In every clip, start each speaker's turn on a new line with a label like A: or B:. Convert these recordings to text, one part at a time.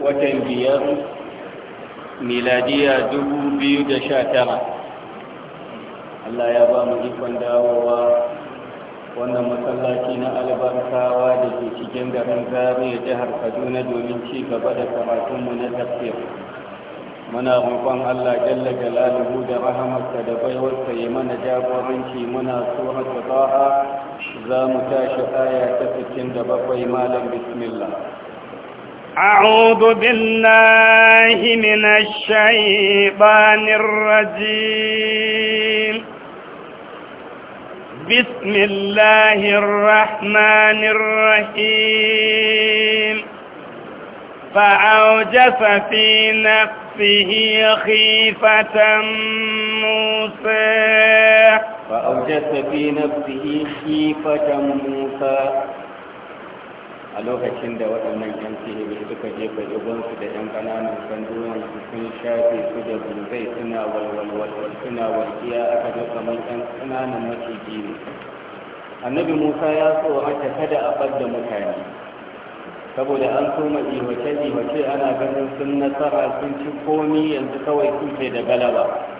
A: watan biyar miladiya dubu biyu da sha tara Allah ya ba mu ikon dawowa wannan masallaci na albarkawa da ke cikin garin zariya jihar kaduna domin ci gaba da karatunmu na tafiya. muna roƙon Allah jalla jalaluhu da rahamarsa da baiwarsa ya mana jagoranci muna sura ta za mu tashi aya ta 67 malam bismillah
B: أعوذ بالله من الشيطان الرجيم بسم الله الرحمن الرحيم فأوجس في نفسه خيفة موسى فأوجس في
A: نفسه خيفة موسى a lokacin da waɗannan yan sihiri suka jefa igonsu da yan ƙananan sandunan sun shafe su da bunzai suna walwalwal suna walƙiya aka zo kamar yan ƙananan maciji ne annabi musa ya so aka kada a ɓadda mutane saboda an soma iwace iwace ana ganin sun nasara sun ci komi yanzu kawai suke da galaba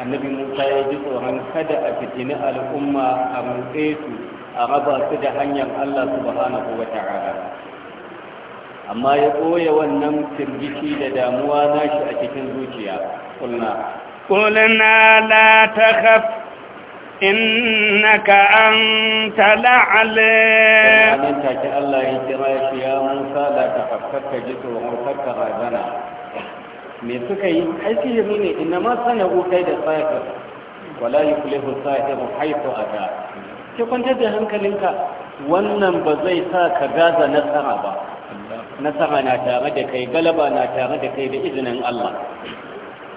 A: annabi musa ya ji tsoron kada a fitini al'umma a rutse su a raba su da hanyar allah subhanahu wa ta'ala amma ya ɓoye wannan firgici da damuwa nashi a cikin zuciya kulna
B: kulna la takhaf innaka anta la'ala nan take Allah ya
A: kira shi ya Musa la takhaf ka ji tsoron ka razana me suka yi ai sihiri ne inna ma sana'u kai da sahir wala yuflihu sahiru a ata ki kwantar da hankalinka wannan ba zai sa ka gaza nasara ba nasara na tare da kai galaba na tare da kai da izinin Allah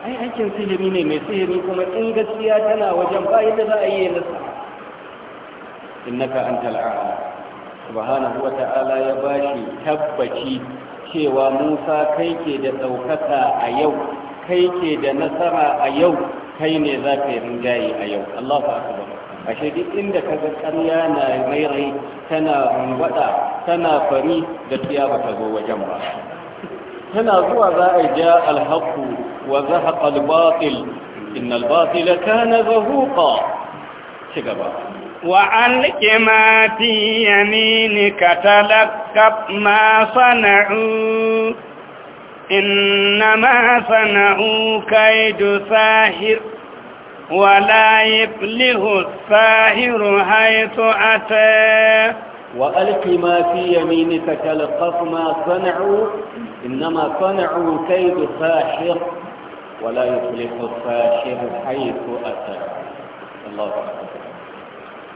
A: ai aikin sihiri ne mai sihiri kuma in gaskiya tana wajen ba yadda za a yi nasara innaka antal a'la subhanahu wa ta'ala ya bashi tabbaci cewa musa kai ke da ɗaukaka a yau kai ke da nasara a yau kai ne za ka yi rinjaye a yau Allah ba ashe duk inda ka ga ƙarya na rairai, tana rungwada tana fari da tiya ba ta zo wajen ba tana zuwa za a ja alhaku
B: wa zahaqa albatil innal batila kana zahuqa ci gaba وألق ما في يمينك تلقف ما صنعوا إنما صنعوا كيد ساهر ولا يفلح الساهر حيث أتى وألق ما في يمينك
A: تلقف ما صنعوا إنما صنعوا كيد ساحر ولا يفلح الساحر حيث أتى الله أكبر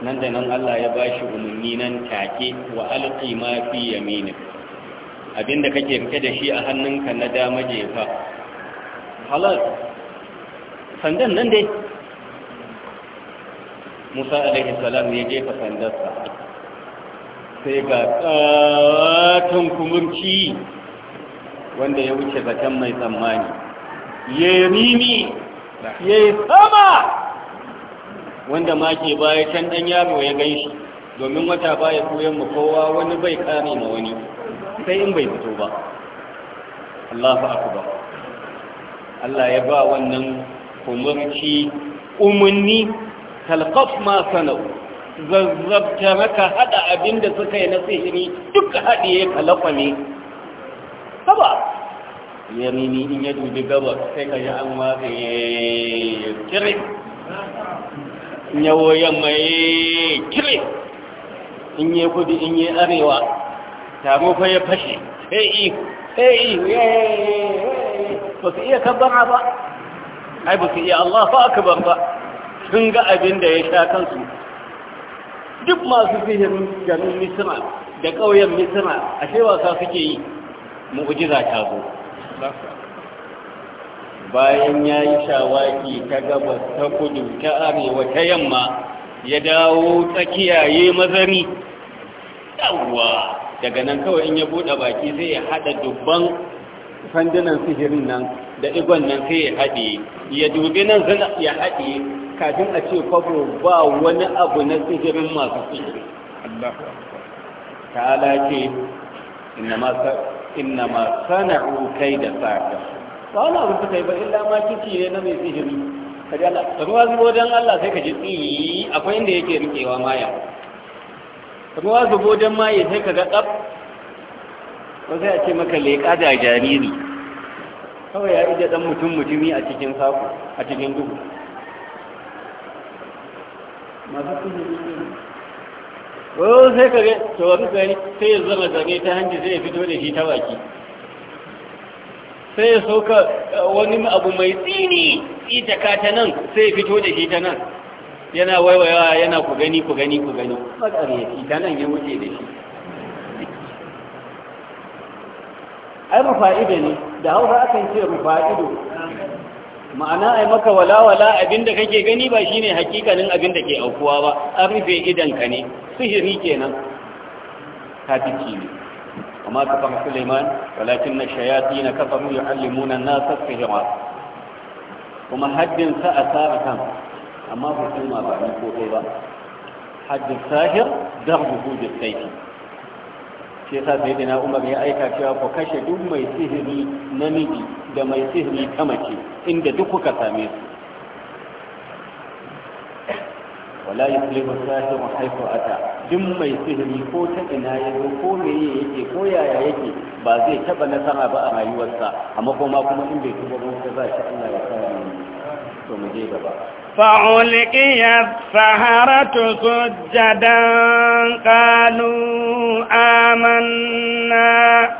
A: nan da nan Allah ya ba shi umarni nan take wa alƙi ma fi yamini abinda kake rike da shi a hannunka na dama jefa halar sandan nan dai musa alaihi salam ya jefa sandarsa sai ga ƙaton kumurci wanda ya wuce zaton mai tsammani ya yi rimi
C: ya yi sama
A: wanda ma ke baya can ɗan yaro ya gan shi domin wata baya koyon mu kowa wani bai kare ma wani sai in bai fito ba aku ba Allah ya ba wannan kumurci umunni talqaf ma sanau zazzabta maka hada abinda suka yi na sihiri duk ya kalafa ne haba yamini in ya dubi gaba sai ka ji an wa ya kire Nyawo yawo yamma ya kire in yi kudi in yi arewa taro fa ya fashe hei hei ba su iya kabbara ba ai ba su iya Allah fa akabar ba sun ga abin da ya sha kansu duk masu fihin garin misira da ƙauyen misira ashe wasa suke yi mu'ujiza ta zo bayan ya yi shawaki ta gabas ta kudu ta arewa ta yamma ya dawo tsakiyaye mazari yawwa daga nan kawai in ya buɗe baki zai ya haɗa dubban sandunan sihirin nan da igon nan sai ya haɗe ya dubi nan zana ya haɗe kafin a ce kwabo ba wani abu na sihirin masu sihiri ta'ala ce inna ma kai da sata ba wani abu suka yi ba illa ma kici ne na mai sihiri ka ji Allah ka ruwa zubo don Allah sai ka ji tsiyi akwai inda yake rikewa maya ka ruwa zubo don maye sai ka ga tsaf ko sai a ce maka leƙa da jariri kawai ya ije d'an mutum mutumi a cikin sako, a cikin duhu masu sihiri ko sai ka ga to wani sai ya zama zane ta hanci zai fito da shi ta baki sai ya sauka eh, wani abu mai tsini ita ka ta nan sai ya fito da shi ta nan yana waiwaiwa yana ku gani ku gani ku gani matsariyaki ta nan ya wuce da shi ai rufa'ido ne da hausa akan ce rufa'ido ma'ana ai maka walawala abinda kake gani ba shine hakikanin abinda ke aukuwa ba an rufe idanka ne sihiri kenan kafici ne وما كفر سليمان ولكن الشياطين كفروا يعلمون الناس السحر وما حد سأثار كم أما في سلمى بعد كوكيبا حد الساحر دربه بالسيف shi yasa sai dina umar ya aika cewa ku kashe duk mai sihiri namiji da mai sihiri ta mace inda duk kuka same su wala yuslihu duk mai sihiri ko ta ina ya zo ko meye yake ko yaya yake ba zai taba nasara ba a rayuwarsa amma kuma kuma in bai tuba ba za
C: shi Allah ya sa to mu je gaba
B: فألقي السحرة سجدا قالوا آمنا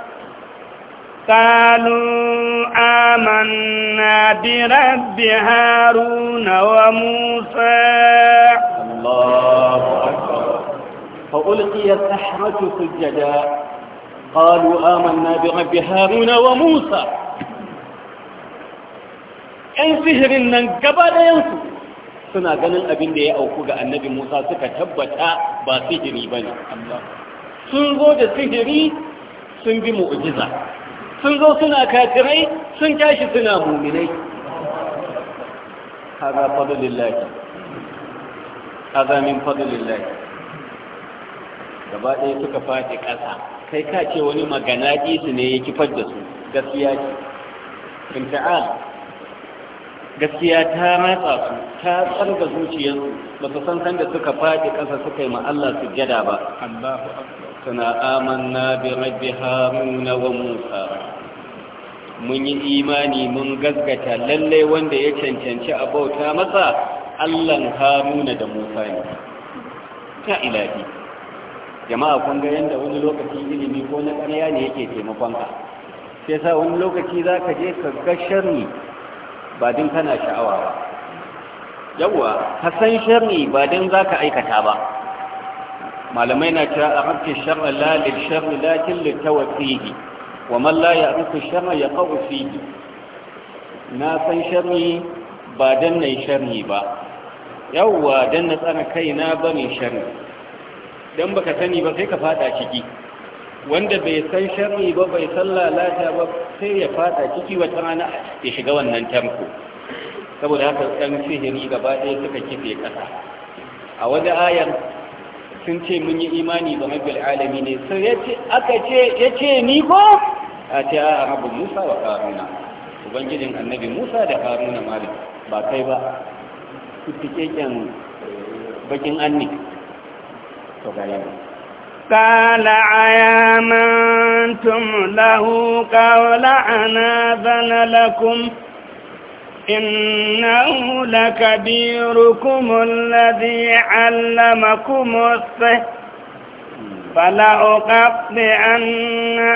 B: قالوا آمنا برب هارون وموسى
A: الله أكبر
B: فألقي السحرة سجدا
A: قالوا آمنا برب هارون وموسى ‘yan sihirin nan gaba ɗayansu suna ganin abin da ya auku ga annabi Musa suka tabbata ba sihiri ba ne. Sun zo da sihiri sun bi mu'ujiza, sun zo suna kafirai sun tashi suna muminai. Haza fadulin laki, min fadulin gaba ɗaya suka faɗi ƙasa kai ka ce wani magana su ne ya kifar da su gaskiya ce imti'an gaskiya ta matsa su ta tsarga zuciyarsu ba su san sanda suka faɗi ƙasa suka yi ma Allah jada ba suna amanna bi rabbi haruna wa musa mun yi imani mun gaskata lalle wanda ya cancanci a bauta masa allan haruna da musa ne ta ilahi jama'a kun ga yanda wani lokaci ilimi ko na ƙarya ne yake taimakon ka sai sa wani lokaci za ka je ka ga sharri ba din kana sha'awa ba yawwa ka san sharri ba din za ka aikata ba malamai na cewa a harfi sharri la lil sharri lakin lil tawfihi wa man la ya'rifu sharra yaqau fihi na san sharri ba dan nayi sharri ba yawwa dan na tsara kaina ba ne sharri dan baka sani ba sai ka fada ciki wanda bai san sharri ba bai san lalata ba sai ya fada ciki wata rana ya shiga wannan tamko saboda haka ɗan sihiri gaba ɗaya suka kife ƙasa a wajen ayar sun ce mun yi imani ga mabiyar alami ne sai ya ce aka ce
C: ya ce ni ko
A: a ce a rabu musa wa karuna ubangijin annabi musa da karuna malik ba kai ba su fi eh, bakin annik
B: قال عيامنتم له قول عناذن لكم إنه لكبيركم الذي علمكم السحر فلأقطعن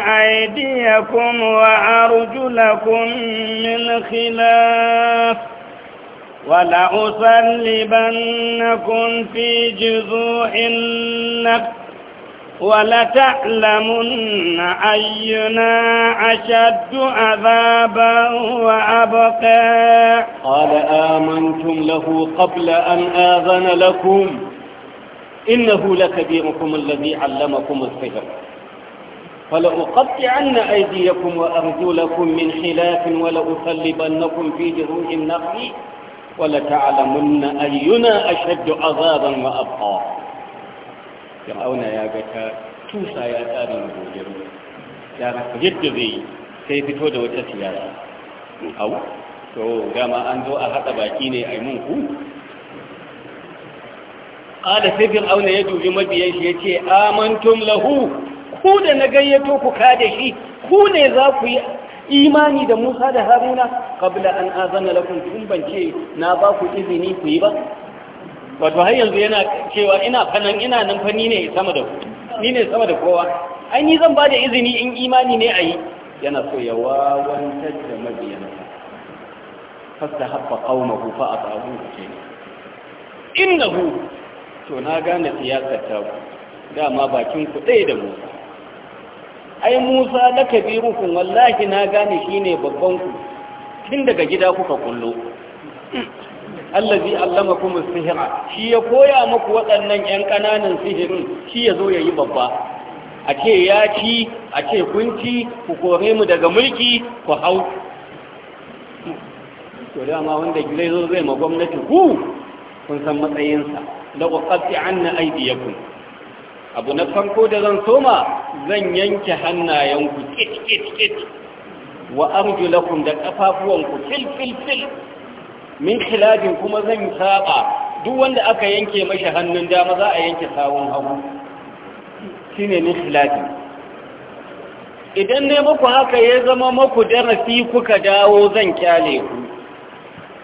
B: أيديكم وأرجلكم من خلاف ولأصلبنكم في جذوع النبت ولتعلمن أينا أشد عذابا وأبقى قال آمنتم له قبل أن آذن لكم
A: إنه لكبيركم الذي علمكم السحر فلأقطعن أيديكم وأرجلكم من خلاف ولأصلبنكم في جذوع النخل ولتعلمن أينا أشد عذابا وأبقى فرعون يا بكا توسى يا آدم وجل يا رب جد ذي كيف تود تسياسة أو تو كما أنزو أحد باكيني أي منكو قال في فرعون ya dubi mabiyan shi yace amantum lahu ku da na gayyato ku imani da Musa da Haruna kabla an azana lakum tun ban na ba ku izini ku yi ba wato har yanzu yana cewa ina fanan ina nan fani ne sama da ni ne sama da kowa ai ni zan ba da izini in imani ne ayi yana so ya wawantar da fasta fastahabba qaumahu fa ce innahu to na gane siyasar ta dama bakin ku dai da Musa ai musa na Kabiru kabirukun wallahi na gane shi ne babbanku tun daga gida kuka kullo allazi allama kuma sihira shi ya koya maku waɗannan 'yan ƙananan sihirin shi ya zo ya yi babba a ce ya ci a ce kunci ku kore mu daga mulki ku hau to dama wanda zai zo zai ma gwamnati ku kun san matsayinsa da ku ƙafi an na aidiyaku abu na farko da zan soma zan yanke hannayenku
C: kit-kit-kit
A: wa arjulakum da kafafuwanku
C: fil-fil-fil
A: min khilafin kuma zan saba duk wanda aka yanke mashi hannun dama za a yanke sawun hagu shine min khilafin idan ne muku haka ya zama maku darasi kuka dawo zan kyale ku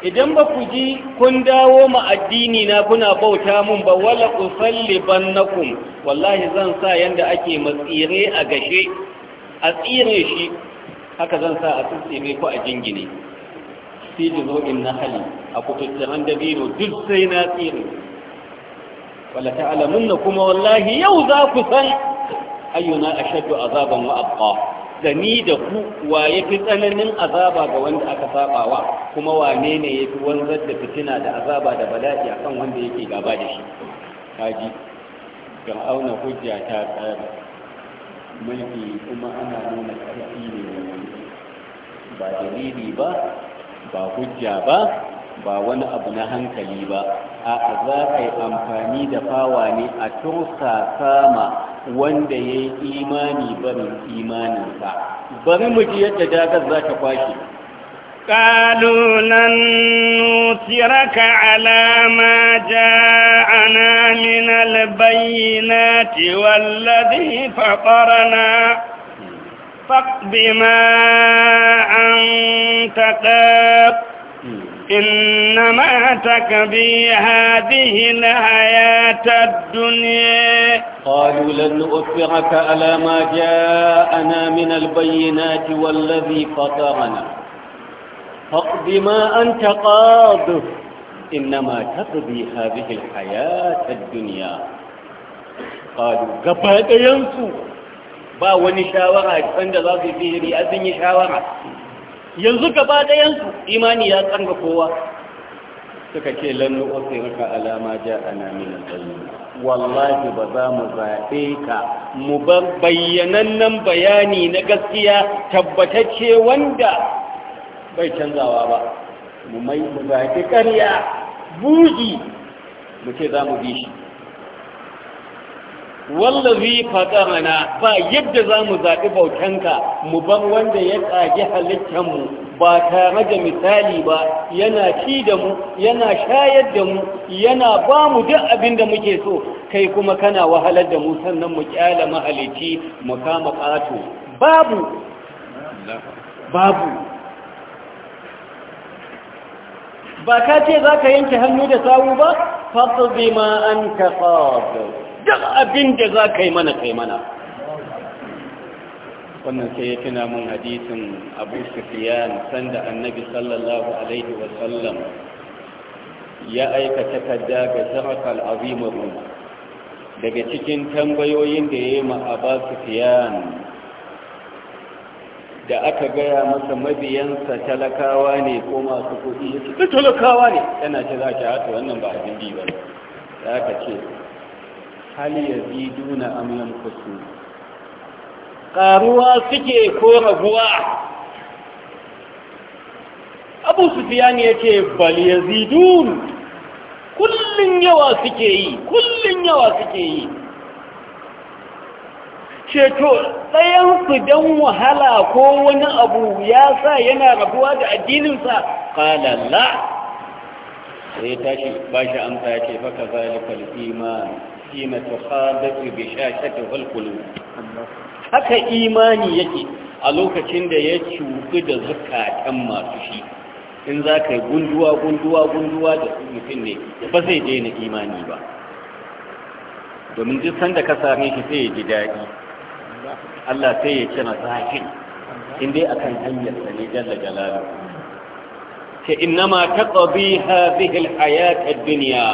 A: idan ba ku ji kun dawo ma addini na kuna bauta mun ba wala usalliban nakum wallahi zan sa yanda ake matsire a gashe a tsire shi haka zan sa a tsire ku a jingine fi juzo'in nahali a kututturan dabino duk sai na tsire wala ta'lamunna kuma wallahi yau za ku san ayyuna ashaddu azaban wa abqa da da ku wa ya fi tsananin azaba ga wanda aka sabawa kuma wane ne ya fi wanzar da fitina da azaba da bala'i a kan wanda yake gaba da shi kaji ga auna hujja ta tsara mulki kuma ana nuna ƙarfi ne ba dalili ba ba hujja ba ba wani abu na hankali ba a za a yi amfani da fawa ne a tursa sama wanda ya yi imani barin imaninsa bari mu ji yadda dagar za ta kwashe
B: قالوا لن نوثرك على ما جاءنا من البينات والذي فطرنا فاقض ما أنت قاض إنما تكبي هذه الحياة الدنيا قالوا لن نؤثرك على ما جاءنا
A: من البينات والذي فطرنا فاقض ما انت قاض انما تقضي هذه الحياه الدنيا قالوا غبا ينسو با وني شاورا عند ذاك الفيري اذن شاورا ينسو غبا ينسو ايماني يا قنبه كوا لن نؤثرك على ما جاءنا من البينات wallahi ba za mu zaɓe ka mu bar bayyanannen bayani na gaskiya tabbatacce wanda bai canzawa ba mu mai mu zaɓe
D: ƙarya
C: buɗi
A: mu ce za mu bi shi wallazi fatarana ba yadda za mu zaɓi bautanka mu bar wanda ya ƙage halittanmu ba tare da misali ba yana ci da mu yana shayar da mu yana ba mu duk abin da muke so kai kuma kana wahalar da mu sannan mu kyala mahalici mu kama ƙato babu babu ba ka ce za ka yanke hannu da sawu ba fasu zima an ka duk abin da za ka yi mana kai mana wannan sai ya tuna min hadisin abu sufiyan sanda annabi sallallahu alaihi wasallam ya aikata takarda ga shafakal azimar daga cikin tambayoyin da ya yi Abu sufiyan da aka gaya masa mabiyansa talakawa ne ko masu kuɗi ya eh, talakawa ne yana ce za ki hata ah, wannan ba abin ba za ka ce hal ya ziduna amlan kusur Karuwa suke ko raguwa abu sufiyan ya ce bal yazidun kullum yawa suke yi kullum yawa suke yi ceto su don wahala ko wani abu ya sa yana rabuwa da addininsa ƙalalla sai ya tashi ba shi amsa ya ce baka zai iman shi na tuhadatu bi sha shakar hulkulu haka imani yake a lokacin da ya cuku da zukatan masu shi in za ka yi gunduwa gunduwa gunduwa da mutum ne ba zai daina imani ba domin duk sanda ka same shi sai ya ji daɗi Allah sai ya cina zafin in dai akan hanyar sa ne jalla inna ma ta taqdi ha zihil hayatar duniya.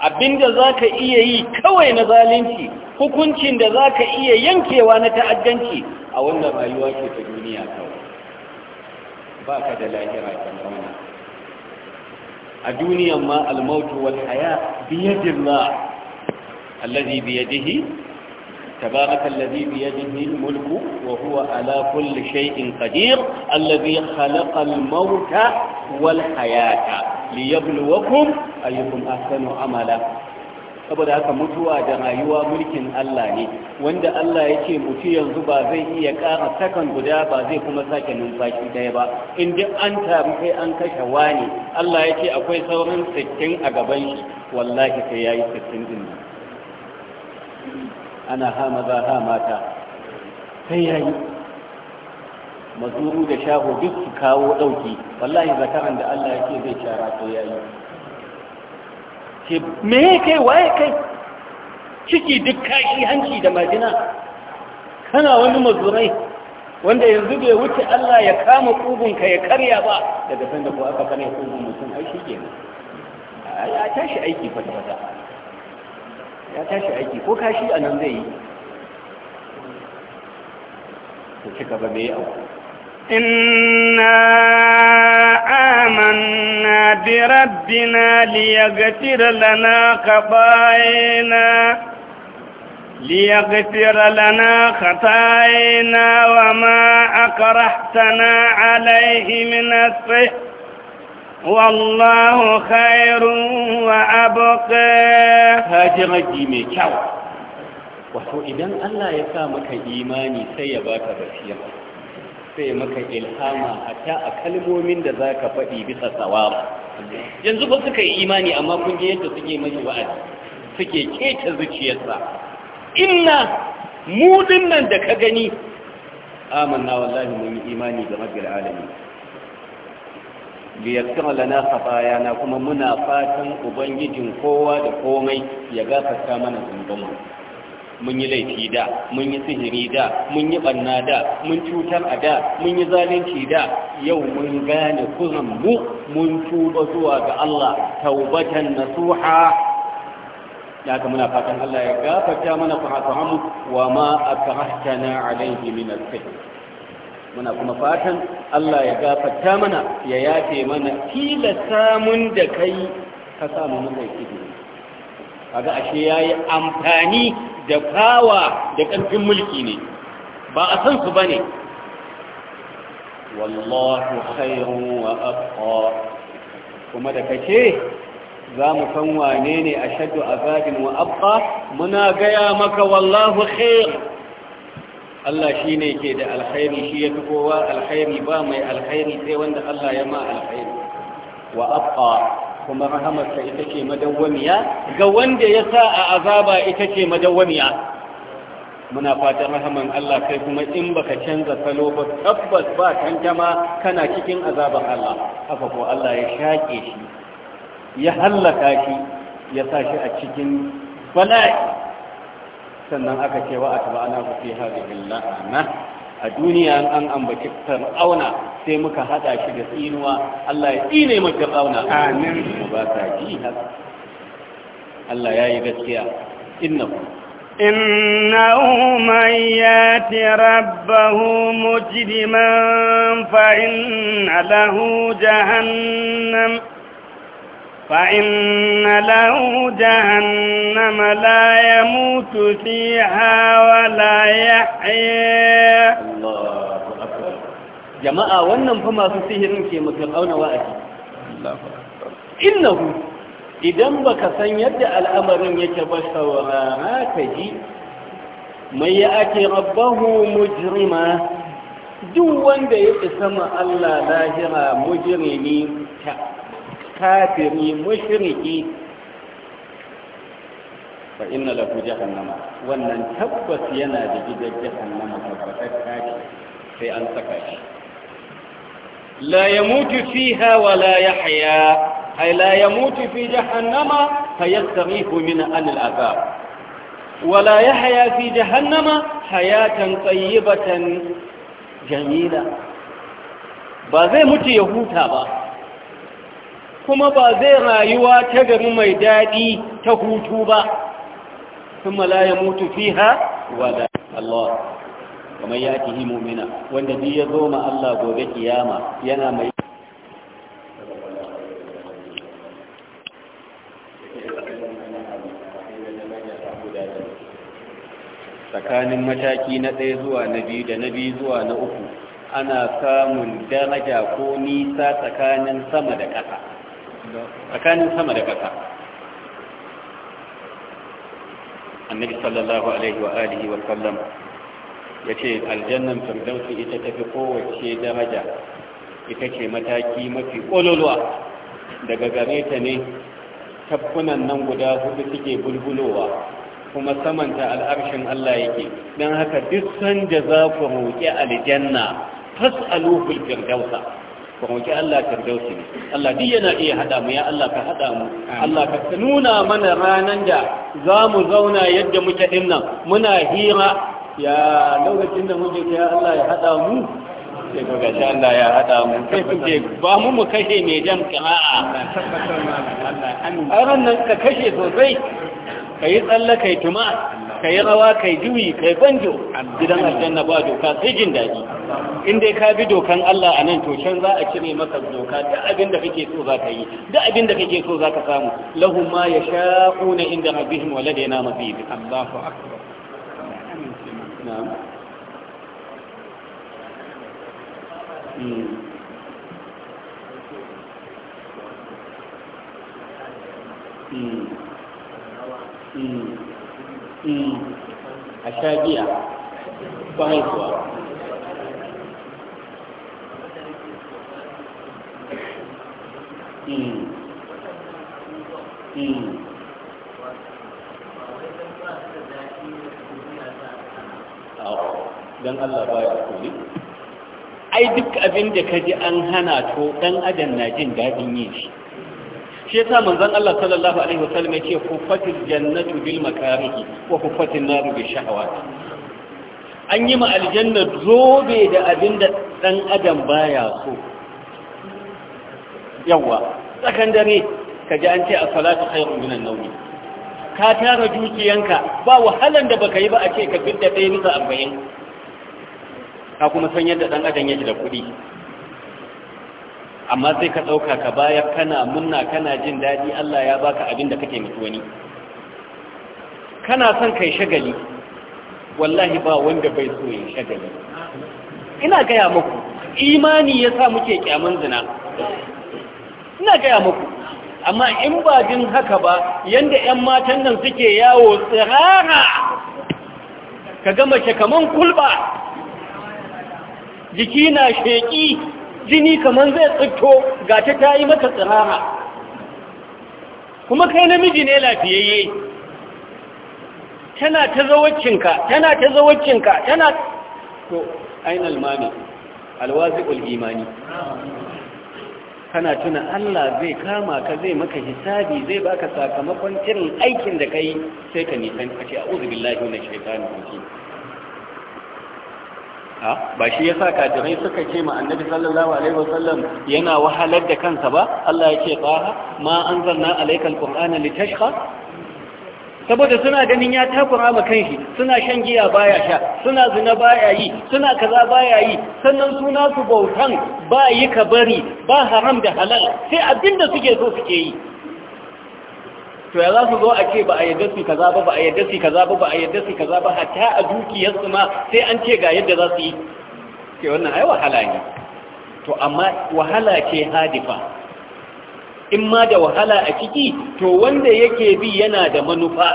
A: abinda za ka iya yi kawai na zalunci hukuncin da za ka iya yankewa na ta'addanci a wannan rayuwa ke ta duniya kawai ba ka da lahira kan rauna a duniyan ma almautu wal haya biyadillah allazi biyadihi تبارك الذي بيده الملك وهو على كل شيء قدير الذي خلق الموت والحياة liyabluwakum ayyukum ahsanu amala saboda haka mutuwa da rayuwa mulkin Allah ne wanda Allah ya ce mutu yanzu ba zai iya ƙara sakan guda ba zai kuma sake numfashi ɗaya ba in duk an taru sai an kashe wani Allah ya ce akwai sauran sittin a gaban shi wallahi sai ya yi sittin din ana hama za ha mata sai ya yi mazuru da shago duk su kawo ɗauki wallahi zakaran da Allah yake zai shara to ya yi ce me kai waye kai ciki duk kashi hanci da majina kana wani mazurai wanda yanzu bai wuce Allah ya kama ƙugunka ya karya ba daga sanda ko aka kare ƙugun mutum ai shi kenan ya tashi aiki kwata-kwata
B: ya tashi aiki ko kashi a nan zai yi ta cika ba mai auku إنا آمنا بربنا ليغفر لنا خطاينا ليغفر لنا خطاينا وما أكرهتنا عليه من السحر والله خير وأبقى هاجر
A: جيمي شاو وحو إذن ألا يسامك إيماني سيباك بسيرك sai maka ilhama ta a kalmomin da za ka faɗi bisa tsawara yanzu ba suka yi imani amma kun yadda suke mai wa'azi suke keta zuciyarsa inna mudin nan da ka gani amanna wallahi mun yi imani ga rabbil alamin li yaghfir lana na kuma muna fatan ubangijin kowa da komai ya gafarta mana zunubanmu mun yi laifi da mun yi sihiri da mun yi banna da mun cutar a da mun yi zalunci da yau mun gane mu mun tuba zuwa ga Allah taubatan nasuha Ya haka muna fatan Allah ya gafarta mana kuhatuhamu wa ma akrahtana alaihi min al-fihr muna kuma fatan Allah ya gafarta mana ya yafe mana tilasta mun da kai ka samu mun laifi kaga ashe yayi amfani da da ƙarfin mulki ne ba a san su ba ne wallahu khairun wa abqa kuma da kace za mu san wane ne shaddu azabin wa abqa muna gaya maka wallahu khair Allah shi ne ke da alkhairi shi ya fi kowa alkhairi ba mai alkhairi sai wanda Allah ya ma alkhairi wa abqa kuma rahamarsa ita ce madawwamiya ga wanda ya sa a azaba ita ce madawwamiya muna fatan rahaman Allah kai kuma in baka canza salo ba tabbas ba jama kana cikin azaban Allah haka ko Allah ya shaƙe shi ya hallaka shi ya sa shi a cikin bala'i sannan aka ce wa atba'ana fi hadhihi la'ana a duniya an ambaci fir'auna sai muka hada shi da tsinuwa Allah ya tsine mu fir'auna amin mu ba ta ji Allah ya yi gaskiya
B: innahu innahu man yati rabbahu mujriman fa inna lahu jahannam فإن له جهنم لا يموت فيها ولا يحيا جماعة ونم فما تسيهرن كي متلقون وأكي
A: إنه idan baka san yadda al'amarin yake ba saurara ka ji mai ya ake rabbahu duk wanda ya isa ma Allah lahira mujirimi ta كافر مشرك فإن له جهنم وأن تبس ينا بجد جهنم تبتكاك في أن لا يموت فيها ولا يحيا أي لا يموت في جهنم فيستغيث من أن الأذاب ولا يحيا في جهنم حياة طيبة جميلة بعضهم يهوتها بعضهم kuma ba zai rayuwa ta gari mai daɗi ta hutu ba kuma la ya mutu fiha wala Allah kamar ya ki himo mu'mina wanda duk ya zo ma Allah gobe kiyama yana mai tsakanin mataki na ɗaya zuwa na biyu da na biyu zuwa na uku ana samun daraja ko nisa tsakanin sama da ƙasa tsakanin sama da ƙasa annabi sallallahu alaihi wa alihi wa sallam ya ce aljannan firdausi ita tafi kowace daraja ita ce mataki mafi ƙololuwa daga gare ta ne tafkunan nan guda hudu suke bulbulowa kuma samanta al'arshin Allah yake don haka duk sanda za ku roƙi aljanna fas'aluhul firdausa ba mu Allah firdausi ne Allah duk yana iya haɗa mu ya Allah ka haɗa mu Allah ka nuna mana ranar da za mu zauna yadda muke dinnan muna hira ya lokacin da muke ya Allah ya hada mu sai ga gashi Allah ya hada mu sai kuke ba mu mu kashe mai jan kira'a
C: a ran nan ka kashe sosai
A: ka yi tsallakai tuma ka yi rawa ka yi juyi ka yi banjo gidan aljanna ba doka sai jin daɗi in dai ka bi dokan Allah a nan to za a cire maka doka da abin da kake so za ka yi da abin da kake so za ka samu lahum ma yasha'una inda rabbihim wa ladaina mazid Allahu akbar na'am
C: Mm. Mm. a sha giya kwarai
A: Allah ba ya kuli ai duk abin da ka ji an hana to ɗan adam na jin daɗin yin shi shi yasa manzon Allah sallallahu alaihi wasallam yake kuffatil jannatu bil makarihi wa kuffatin naru bil shahawat an yi ma aljanna zobe da abinda dan adam baya so yawa tsakan dare kaji an ce as-salatu khairun minan nawmi ka tara dukiyanka ba wahalan da baka yi ba a ce ka fidda ɗaya bisa arba'in ka kuma san yadda ɗan adam yake da kuɗi amma sai ka ɗauka ka bayar kana munna kana jin daɗi Allah ya baka abin da kake mutu wani kana son kai shagali wallahi ba wanda bai so yin shagali ina gaya muku imani ya sa muke kyaman zina ina gaya muku amma in ba jin haka ba yanda 'yan matan nan suke yawo tsirara ka gama shakaman kulba jiki na sheƙi jini kamar zai tsitto ga ta ta yi maka tsirara kuma kai namiji ne lafiyayye tana ta zawacinka tana ta zawacinka tana to ainihin mani alwazi'ul imani kana tuna Allah zai kama ka zai maka hisabi zai baka sakamakon irin aikin da kai sai ka nisan a a'udhu billahi minash shaitanir ba shi ya sa kajirai suka ce ma annabi sallallahu alaihi wasallam yana wahalar da kansa ba Allah ya ce taha ma anzalna alaikal qur'ana litashqa saboda suna ganin ya takura ma kanshi suna shan giya baya sha suna zina baya yi suna kaza baya yi sannan suna su bautan ba yi ka bari ba haram da halal sai abinda suke so suke yi to ya za su zo a ce ba a yadda su kaza ba ba a yadda su kaza ba ba a yadda su kaza ba hatta a dukiyarsu ma sai an ce ga yadda za su yi ke wannan ai wahala ne to amma wahala ce hadifa in ma da wahala a ciki to wanda yake bi yana da manufa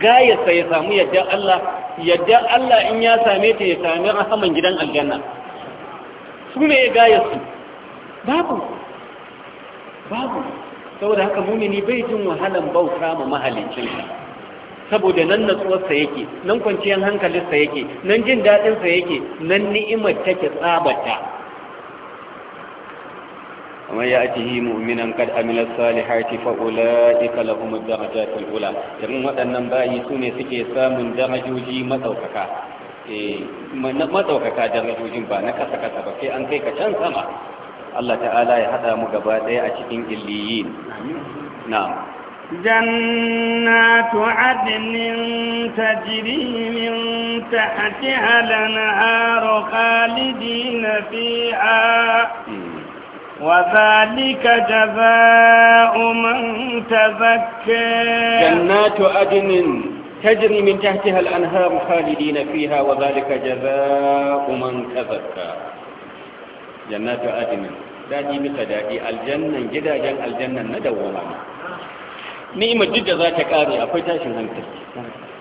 A: gayarsa ya samu yadda Allah yadda Allah in ya same ta ya sami rahaman gidan aljanna su ne gayarsu babu babu saboda haka mumini bai jin wahalan bauta ma mahalicinsa saboda nan natsuwarsa yake nan kwanciyar hankalinsa yake nan jin daɗinsa yake nan ni'imar take tsabata ومن Amina مؤمنا قد عمل الصالحات فأولئك لهم الدرجات الأولى يرون waɗannan bayi sune suke samun darajoji matsaukaka eh, matsaukaka darajojin ba na kasa kasa ba sai an kai ka can sama الله تعالى ya مقبات mu gaba نعم
B: جنات عدن تجري من تحتها الانهار خالدين فيها وذلك جزاء من تزكى جنات
A: عدن تجري من تحتها الانهار خالدين فيها وذلك جزاء من تزكى jannatu adnin daɗi mika daɗi aljannan gidajen aljannan na dawwama ne ni'imar duk za ta ƙare akwai tashin hankali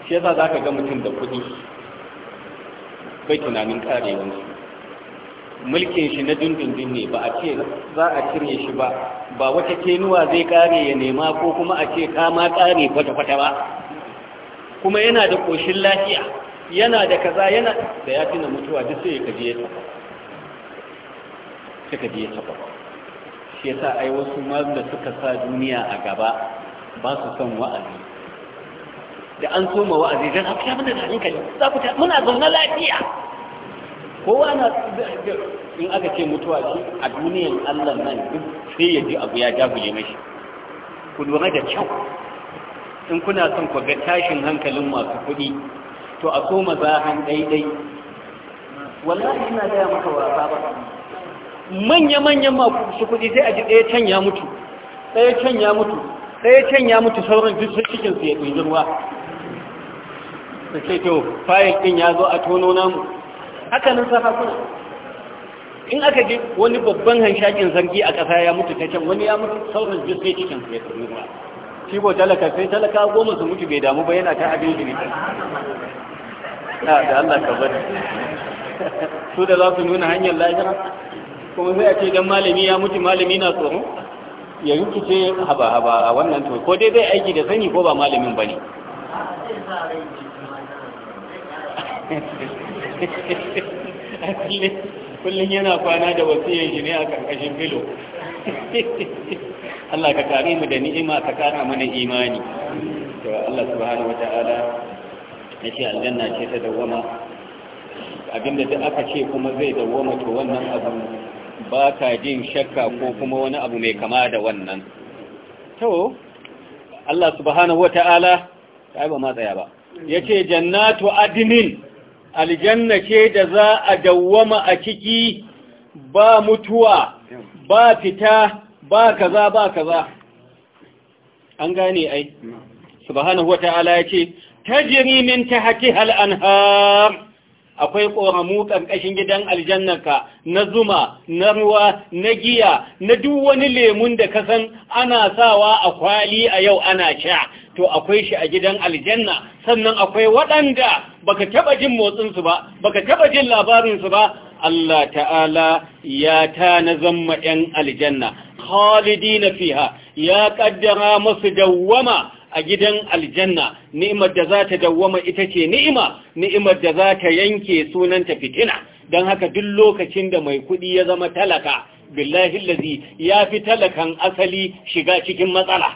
A: shi yasa za ka ga mutum da kuɗi bai tunanin wani. mulkin shi na dindindin ne ba a ce za a cire shi ba ba wata kenuwa zai ƙare ya nema ko kuma a ce ka ma ƙare kwata-kwata ba kuma yana da ƙoshin lafiya
C: yana da kaza yana da ya tuna
A: mutuwa duk sai ya kaji ya tafi suka je ta gaba shi yasa ai wasu da suka sa duniya a gaba ba su son wa'azi da an soma wa'azi dan haka ya bada hankali za ku ta muna zaune lafiya kowa na in aka ce mutuwa shi a duniyar Allah nan duk sai ya ji abu ya dagule mashi ku lura da kyau in kuna son ku ga tashin hankalin masu kuɗi to a koma zahan daidai wallahi ina gaya maka wasa ba manya-manyan masu kudi sai a ji ɗaya can ya mutu ɗaya can ya mutu ɗaya can ya mutu sauran duk cikinsu cikin su ya ɗin ruwa da ke to fayil ɗin ya zo a tono namu haka nan kuna in aka ji wani babban hanshakin zargi a ƙasa ya mutu ta can wani ya mutu sauran duk cikinsu cikin su ya ɗin ruwa shi ko talaka sai talaka goma su mutu bai damu ba yana ta abin jini ne
C: da Allah ka bari
A: su da za su nuna hanyar lahira kuma sai a ce don malami ya mutu malami na tsoro ya rikice haba haba a wannan to ko dai zai aiki da sani ko ba malamin ba bane kullum yana kwana da wasiyar shi ne a karkashin filo Allah ka kare mu da ni'ima ka kara mana imani to Allah subhanahu wata'ala ya ce aljanna ce ta dawwama abinda da aka ce kuma zai dawwama to wannan abu ba ka jin shakka ko kuma wani abu mai kama da wannan to Allah subhanahu wata'ala ta ba ma tsaya ba ya ce jannatu adinin aljanna ce da za a dawwama a ciki ba mutuwa ba fita ba kaza ba kaza an gane ai subhanahu wata'ala ya ce ta tajiri min haƙi hal'an har. akwai ƙoramu ƙarƙashin gidan aljannarka na zuma na ruwa na giya na duk wani lemun da ka san ana sawa a kwali a yau ana sha to akwai shi a gidan aljanna sannan akwai waɗanda baka taɓa jin motsinsu ba baka taɓa jin labarinsu ba Allah ta'ala ya ta na zama ‘yan aljanna khalidina fiha ya ƙaddara masu dawwama a gidan aljanna ni'imar da za ta dawwama ita ce ni'ima ni'imar da za ta yanke sunanta fitina don haka duk lokacin da mai kuɗi ya zama talaka billahi lazi ya fi talakan asali shiga cikin matsala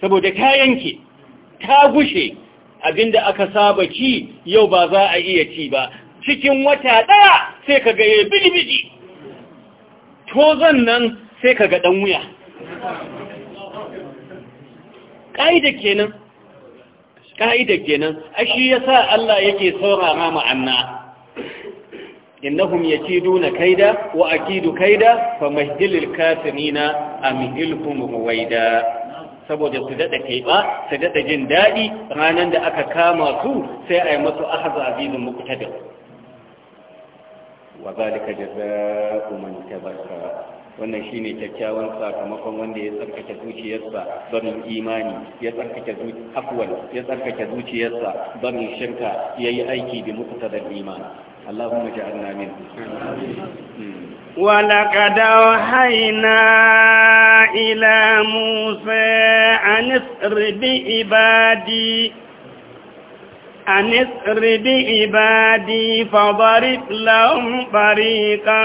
A: saboda ta yanke ta gushe abinda aka saba ci yau ba za a iya ci ba cikin wata ɗaya sai ka ga ya to zan nan sai ka ga ɗan wuya ƙa'ida kenan ƙa'ida kenan ashi yasa Allah yake saurara ma'anna innahum "Duna kaida wa akidu kaida famahilil kafirina amhilhum ruwaida saboda su dada kaiba su daɗa jin daɗi, ranar da aka kama su sai ayi musu ahza azizun muqtadir wa zalika jazaa'u man tabarra wannan shine kyakkyawan sakamakon wanda ya tsarkake zuciyarsa barin imani ya tsarkake zuci ya tsarkake zuciyarsa barin shirka yayi aiki da muqtadar iman min.
C: اجعلنا منه
B: ولقد ila musa موسى أن اسر بعبادي أن اسر بعبادي فضرب لهم طريقا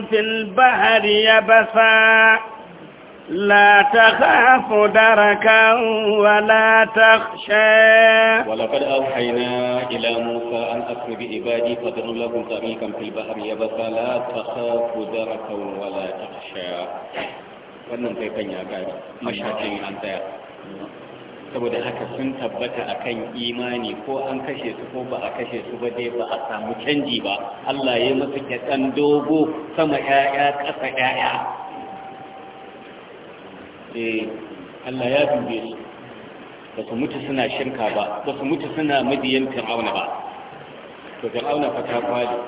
B: في البحر يبسا لا تخاف دركا ولا تخشى
A: ولقد أوحينا إلى موسى أن أسر بعبادي فضرب لهم طريقا في البحر يبسا لا تخاف دركا ولا تخشى wannan ya gari an tsaya saboda haka sun tabbata akan imani ko an kashe su ko ba a kashe su ba dai ba a samu canji ba Allah ya masa kyaɗan dogo sama ƴaƴa ƙasa ƴaƴa eh Allah ya dube su ba su mutu suna shirka ba ba su mutu suna madiyan fir'auna ba to fir'auna fa ta kwali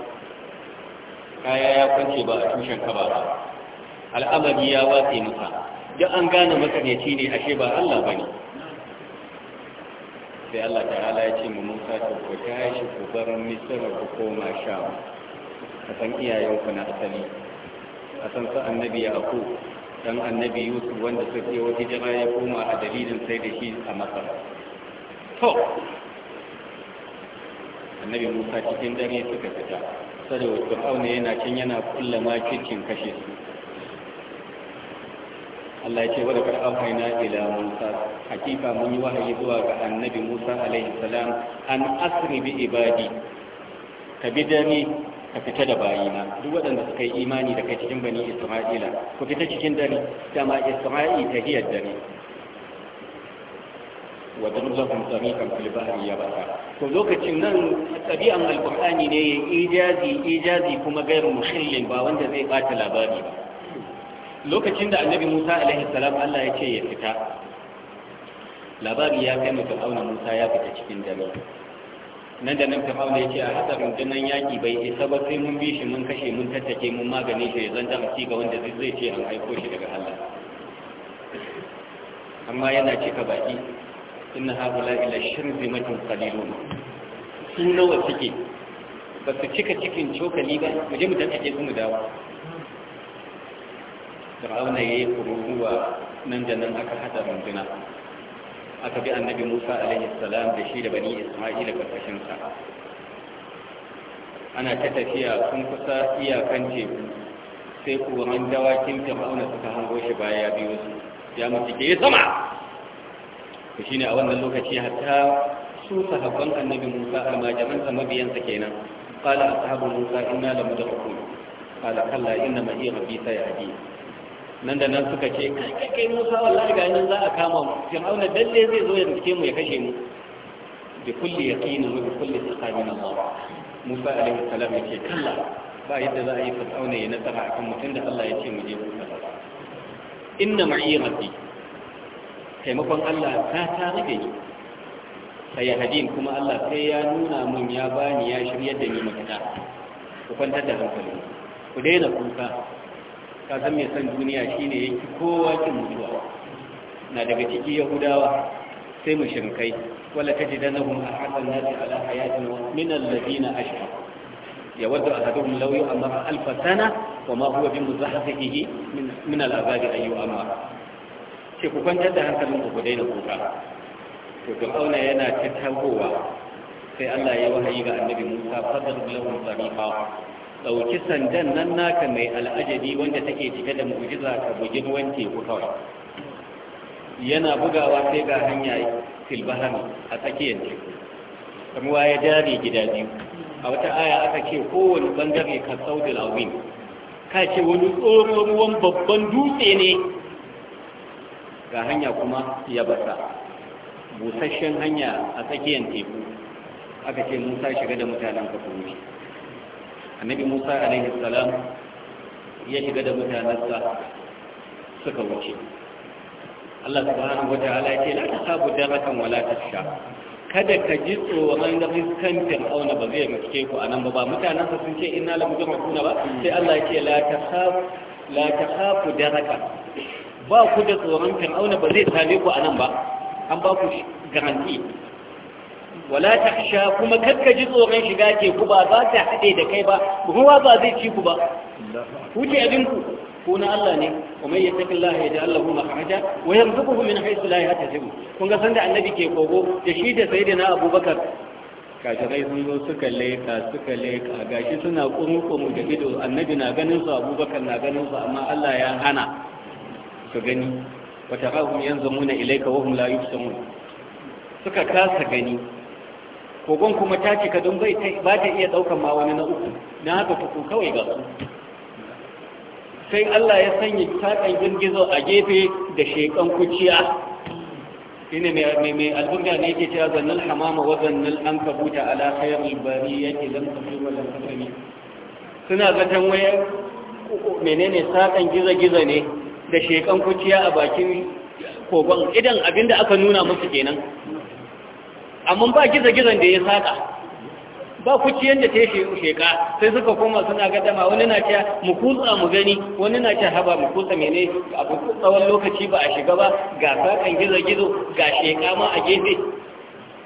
A: kaya ya kwance ba a tushen kaba ba al'amari ya watse masa duk an gane matsanaci ne ashe ba Allah bane sai Allah ta'ala ya ce mu Musa ta ku shi ku bar Misra ku koma Sham a san iyayenku na asali a san sa annabi ya ku dan annabi Yusuf wanda sai ya wuce jira ya koma a dalilin sai da shi a Masar to annabi Musa cikin dare suka fita da Fir'auna yana cin yana kullama kicin kashe su Allah ya ce wadda kar auhaina ila Musa hakika mun yi wahayi zuwa ga annabi Musa alaihi salam an asri bi ibadi ka bi da ni ka fita da bayina duk waɗanda suka yi imani da kai cikin bani Isra'ila ku fita cikin dare dama Isra'ila ta hiyar dare wa daruzahum tariqan fil bahri yabasa to lokacin nan tabi'an alqur'ani ne ijazi ijazi kuma gairu mushillin ba wanda zai bata labari ba lokacin da annabi musa alaihi salam allah ya ce ya fita labari ya kai mai fir'auna musa ya fita cikin dare nan da nan fir'auna ya ce a haka rundunar yaƙi bai isa ba sai mun bi shi mun kashe mun tattake mun magani shi zan dama ci ga wanda zai ce an aiko shi daga allah amma yana cika baki inna haula ila shirzimatin qalilun sun nawa suke ba su cika cikin cokali ba mu je mu tattake su mu dawo fir'auna ya yi kururuwa nan da nan aka hada runduna aka bi annabi musa alaihi salam da shi da bani isma'ila karkashin sa ana ta tafiya sun kusa iyakan teku sai kuran dawakin fir'auna suka hango shi baya biyu su ya mutu ke sama to shine a wannan lokaci hatta su sahabban annabi musa almajiran sa mabiyansa kenan qala ashabu musa inna lamudrakun qala kalla inna ma hiya rabbi sayahdi nan da nan suka ce kai kai musa wallahi ga nan za a kama mu fir'auna dalle zai zo ya riske mu ya kashe mu bi kulli yaqinin wa bi kulli iqamin Allah Musa alaihi salam ce kalla ba yadda za a yi fir'auna ya nasara akan mutum da Allah ya ce mu je mu Musa inna ma'i rabbi taimakon Allah ta tare da ni sai hadin kuma Allah sai ya nuna mun ya bani ya shiryar da ni mafita ku kwantar da hankali ku daina kuka ka san mai san duniya shi ne yake kowa kin mutuwa na daga ciki yahudawa sai mu mushrikai wala ji tajidannahum ahadun nasi ala hayatin min alladhina ashraku yawaddu ahaduhum law yu'amara alf sana wa ma huwa bimuzahhihi min min al'azab an yu'amara ce ku kwantar da hankalin ku daina kuka to auna yana tattagowa sai Allah ya wahayi ga annabi Musa fadal lahum tariqa ɗauki sandan nan naka mai al'ajabi wanda take cike da mu'jiza ka bugi wanke teku kawai yana bugawa sai ga hanya silbahan a tsakiyar teku ruwa ya dare gida biyu a wata aya aka ce kowane bangare ka saudi lawin ka ce wani tsoron ruwan babban dutse ne ga hanya kuma ya basa busasshen hanya a tsakiyar teku aka ce musa shiga da mutanen kafin annabi musa alaihi salam ya shiga da mutanensa suka wuce Allah subhanahu wa ta'ala ya ce la tasabu darakan wala tasha kada ka ji tsoron da riskan fir'auna ba zai miske ku anan ba ba mutanen sa sun ce inna la mujrimuna ba sai Allah ya ce la tasabu la tasabu darakan ba ku da tsoron fir'auna ba zai same ku anan ba an ba ku garanti wala ta sha kuma kakka ji tsoron shiga ke ku. ba za ta haɗe da kai ba ruwa ba zai ci ku ba wuce abinku ko na Allah ne Kuma mai tafi Allah ya ji ja'alla kuma makhraja wa ku min haythu la yahtasib kun ga sanda annabi ke kogo da shi da sayyidina Abubakar Kashi rai sun zo suka leka suka leka gashi suna kuru-kuru da ido annabi na ganin su abubakar na ganin su amma Allah ya hana su gani wata kuma yanzu muna ilaika wahum la yi suka kasa gani kogon kuma ta cika don bai ba ta iya daukan ma wani na uku na haka tuku kawai ga su sai Allah ya sanya sakan girgizo a gefe da shekan kuciya ina mai mai albunga ne yake cewa zannal hamama wa zannal kabuta ala khayril bariyati idan tafir wa lam tafri suna zaton waya
C: menene sakan giza-giza
A: ne da shekan kuciya a bakin kogon idan abinda aka nuna musu kenan amma ba gizo-gizon da ya saka ba kuciyar da ta yi sheka sai suka koma suna gadama wani na cewa mu kutsa mu gani wani na cewa haba mu kutsa mene A tsawon lokaci ba a shiga ba ga sakan gizo-gizo ga sheka ma a gefe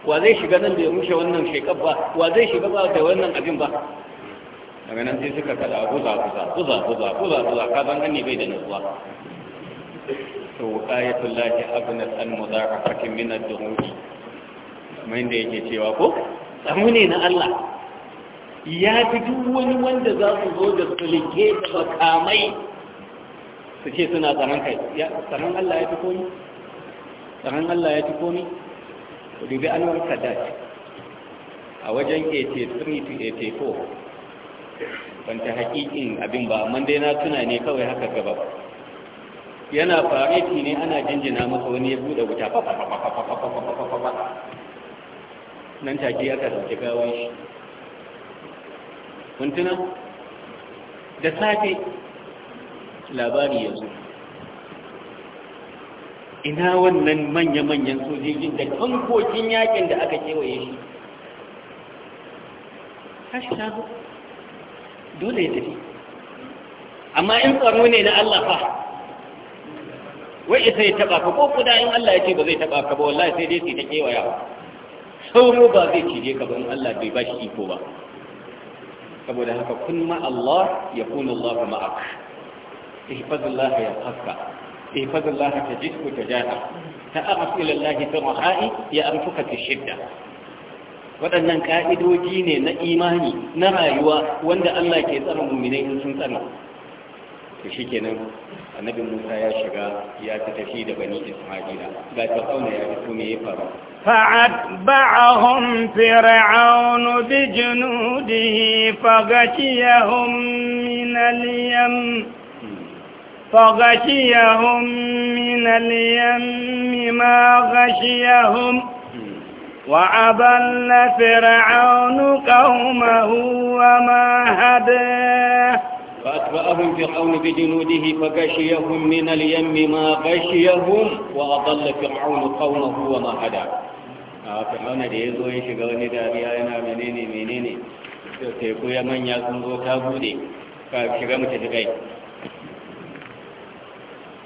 A: wa zai shiga nan da ya rushe wannan sheka ba wa zai shiga ba da wannan abin ba daga nan sai suka kada guza guza guza guza guza guza ka zan hanni bai da nutsuwa to wuqayatul lahi abnat an mudaqafatin min ad-dunubi kamar yadda yake cewa ko tsaro ne na Allah ya fi duk wani wanda za su zo da sulke da makamai su ce suna tsaron kai tsaron Allah ya fi komi tsaron Allah ya fi komi ku dubi warka dace a wajen 83 84 banta hakikin abin ba amma dai na tuna ne kawai haka gaba yana fareti ne ana jinjina masa wani ya buɗe wuta nan take aka dauki gawon shi kuntuna da safe labari ya zo ina wannan manya-manyan sojojin da kankokin yakin da aka kewaye shi tashi dole ya tafi amma in tsaro ne na Allah fa wai isa ya taba ka ko kuda in Allah ya ce ba zai taba ka ba wallahi sai dai su ta kewaya sauro ba zai cije ka ba Allah bai ba shi iko ba saboda haka kun ma Allah ya kuna Allah ma'ak ihfazullah ya haka ihfazullah ta jidku ta jaha ta arfu ila Allah fi raha'i ya arfuka ta shidda waɗannan ka'idoji ne na imani na rayuwa wanda Allah ke tsara mu'minai in sun tsara to shikenan annabi Musa ya shiga ya fita shi da bani Isma'ila ga Fir'auna ya fito me ya faru
B: fa'atba'ahum fir'aun bi junudihi faghashiyahum min al-yam faghashiyahum min al-yam ma ghashiyahum وأضل فرعون قومه وما هداه فأتبعهم
A: فرعون بجنوده فغشيهم من اليم ما غشيهم وأضل فرعون قومه وما هدى آه، فرعون دي زو يشيغ وني داريا ينا منيني منيني تيكو يا من يا كونغو كابودي فشيغ متدغي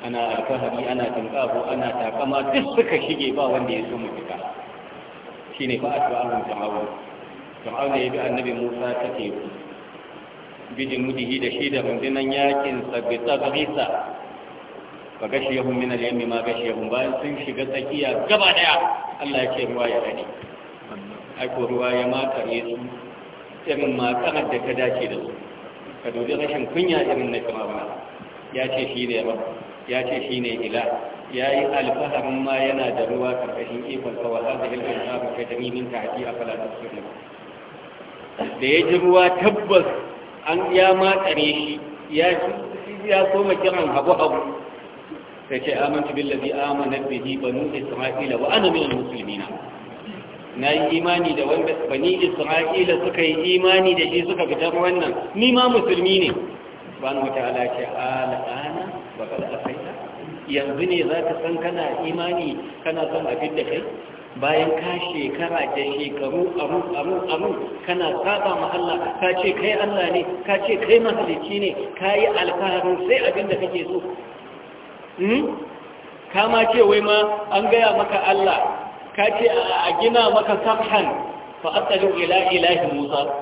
A: أنا أكهبي أنا تنقابو أنا تاقما تسك شيغي با وني يسو شيني فأتبأهم فرعون فرعون يبقى النبي موسى تكيبو bijinudihi da shi da rundunan yakin sabita barisa ba gashi yahun min al-yammi ma gashi yahun bayan sun shiga tsakiya gaba daya Allah ya ce ruwa ya rani ai ko ruwa ya makare su irin makarar da ta dace da su ka dubi rashin kunya irin na kama ba ya ce shi ne ba ya ce shi ne ila ya yi alfaharin ma yana da ruwa karkashin ikon kawa har da ilmin samun ta jami'in ta haƙi a falatar da ya ji ruwa tabbas an ya matsare shi ya shi ya koma kiran habu habu sai ce amantu billazi amana bihi banu isra'ila wa ana minal muslimina na yi imani da wanda bani isra'ila suka yi imani da shi suka fitar wannan ni ma musulmi ne subhanahu wataala ce al'ana wa qad afaita yanzu ne za zaka san kana imani kana son abin da kai bayan ka shekara da shekaru aru aru kana saba ma Allah ka ce kai Allah ne ka ce kai mahalicci ne ka yi alfaharin sai abin da kake so hmm? ka ma ce wai ma an gaya maka Allah ka ce a gina maka safhan fa asalu ila ilahi Musa